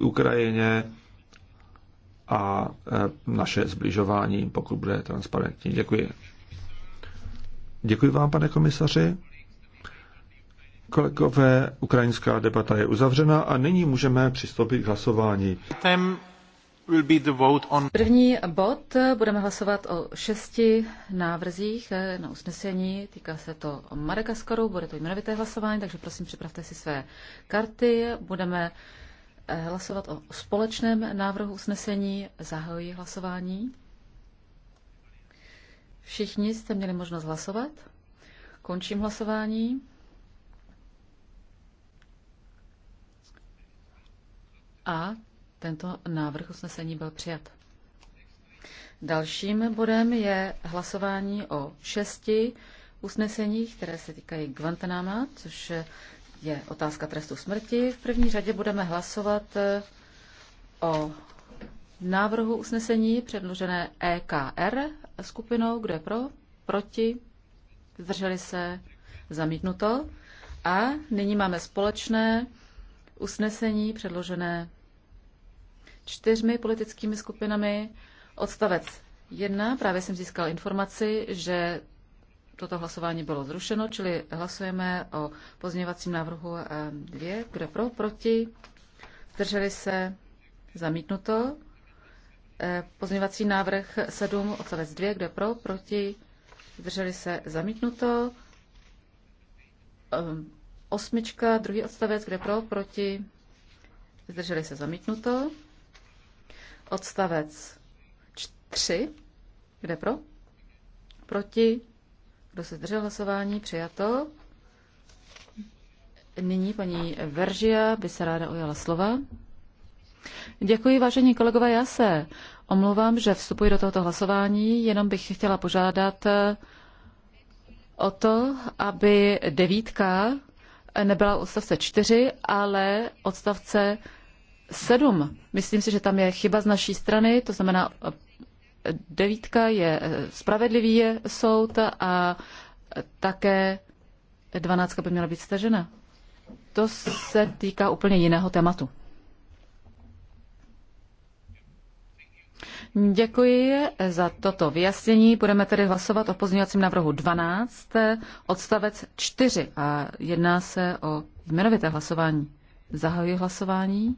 Ukrajině a eh, naše zbližování, pokud bude transparentní. Děkuji. Děkuji vám, pane komisaři. Kolegové, ukrajinská debata je uzavřena a nyní můžeme přistoupit k hlasování. První bod budeme hlasovat o šesti návrzích eh, na usnesení. Týká se to Madagaskaru, bude to jmenovité hlasování, takže prosím připravte si své karty. Budeme hlasovat o společném návrhu usnesení. Zahajuji hlasování. Všichni jste měli možnost hlasovat. Končím hlasování. A tento návrh usnesení byl přijat. Dalším bodem je hlasování o šesti usneseních, které se týkají Guantanama, což je otázka trestu smrti. V první řadě budeme hlasovat eh, o návrhu usnesení předložené EKR skupinou. Kdo je pro? Proti? Zdrželi se? Zamítnuto. A nyní máme společné usnesení předložené čtyřmi politickými skupinami. Odstavec 1. Právě jsem získal informaci, že toto hlasování bylo zrušeno, čili hlasujeme o pozměňovacím návrhu 2. Eh, Kdo pro, proti? Zdrželi se? Zamítnuto. Eh, pozměňovací návrh 7, odstavec 2. Kdo pro, proti? Zdrželi se? Zamítnuto. Eh, osmička, druhý odstavec, kde pro, proti? Zdrželi se? Zamítnuto. Odstavec 3. Kde pro? Proti? Kdo se držel hlasování? Přijato. Nyní paní Veržia by se ráda ujala slova. Děkuji, vážení kolegové, já se omlouvám, že vstupuji do tohoto hlasování, jenom bych chtěla požádat eh, o to, aby devítka nebyla odstavce 4, ale odstavce 7. Myslím si, že tam je chyba z naší strany, to znamená devítka je eh, spravedlivý je soud a také dvanáctka by měla být stažena. To se týká úplně jiného tématu. Děkuji za toto vyjasnění. Budeme tedy hlasovat o pozměňovacím návrhu 12, odstavec 4. A jedná se o jmenovité hlasování. Zahajuji hlasování.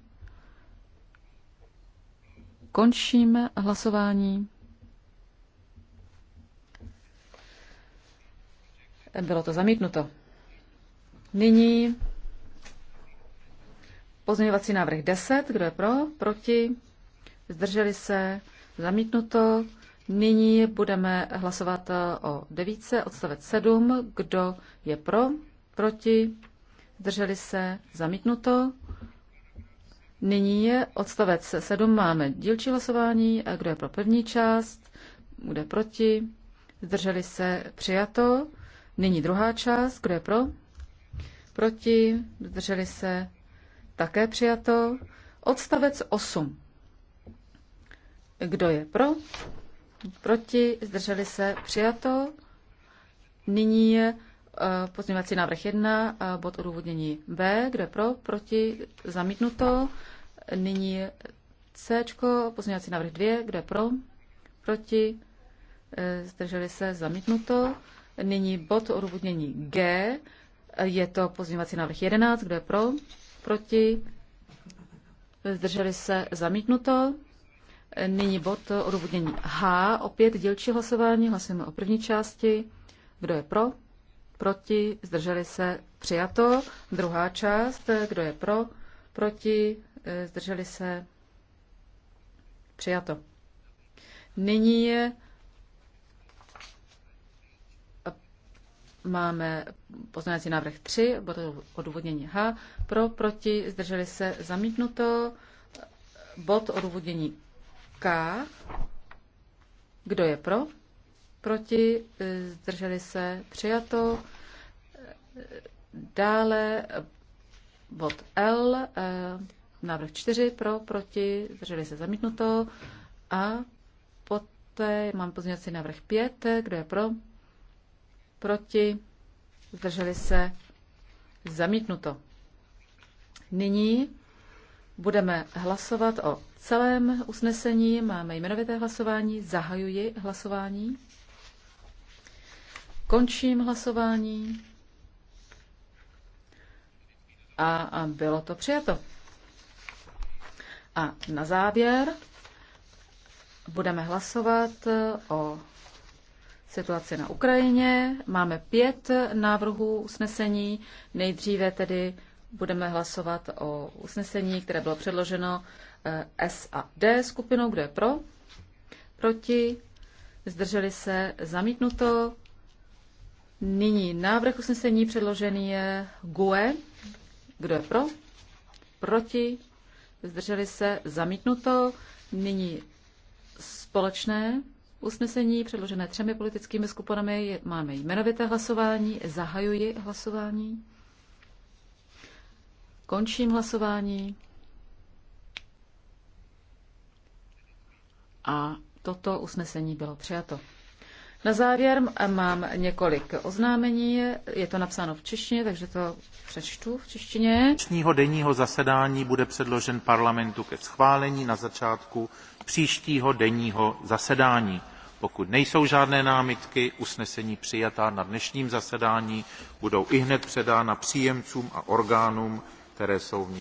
Končím hlasování. Bylo to zamítnuto. Nyní pozměňovací návrh 10. Kdo je pro? Proti? Zdrželi se? Zamítnuto. Nyní budeme hlasovat o 9, odstavec 7. Kdo je pro? Proti? Zdrželi se? Zamítnuto. Nyní je odstavec 7. Máme dílčí hlasování. Kdo je pro první část? Kdo je proti? Zdrželi se? Přijato. Nyní druhá část, kdo je pro? Proti, zdrželi se, také přijato. Odstavec 8. Kdo je pro? Proti, zdrželi se, přijato. Nyní je eh, pozměňovací návrh 1, eh, bod odůvodnění B, je pro, proti, zamítnuto. Nyní C, pozměňovací návrh 2, je pro, proti, eh, zdrželi se, zamítnuto. Nyní bod odůvodnění G. Je to pozměňovací návrh 11. Kdo je pro? Proti? Zdrželi se zamítnuto. Nyní bod odůvodnění H. Opět dílčí hlasování. Hlasujeme o první části. Kdo je pro? Proti? Zdrželi se přijato. Druhá část. Kdo je pro? Proti? Zdrželi se přijato. Nyní je máme poznávací návrh 3, bod odůvodnění H, pro, proti, zdrželi se, zamítnuto, bod odůvodnění K, kdo je pro, proti, zdrželi se, přijato, dále bod L, eh, návrh 4, pro, proti, zdrželi se, zamítnuto a poté mám pozměňovací návrh 5, kdo je pro, proti, zdrželi se, zamítnuto. Nyní budeme hlasovat o celém usnesení, máme jmenovité hlasování, zahajuji hlasování, končím hlasování a, a bylo to přijato. A na závěr budeme hlasovat o Situace na Ukrajině. Máme pět návrhů usnesení. Nejdříve tedy budeme hlasovat o usnesení, které bylo předloženo eh, S a D skupinou. Kdo je pro? Proti? Zdrželi se? Zamítnuto? Nyní návrh usnesení předložený je GUE. Kdo je pro? Proti? Zdrželi se? Zamítnuto? Nyní společné usnesení předložené třemi politickými skupinami. Máme jmenovité hlasování, zahajuji hlasování, končím hlasování a toto usnesení bylo přijato. Na závěr mám několik oznámení. Je to napsáno v češtině, takže to přečtu v češtině. Dnešního denního zasedání bude předložen parlamentu ke schválení na začátku příštího denního zasedání. Pokud nejsou žádné námitky, usnesení přijatá na dnešním zasedání budou ihned předána příjemcům a orgánům, které jsou v ní.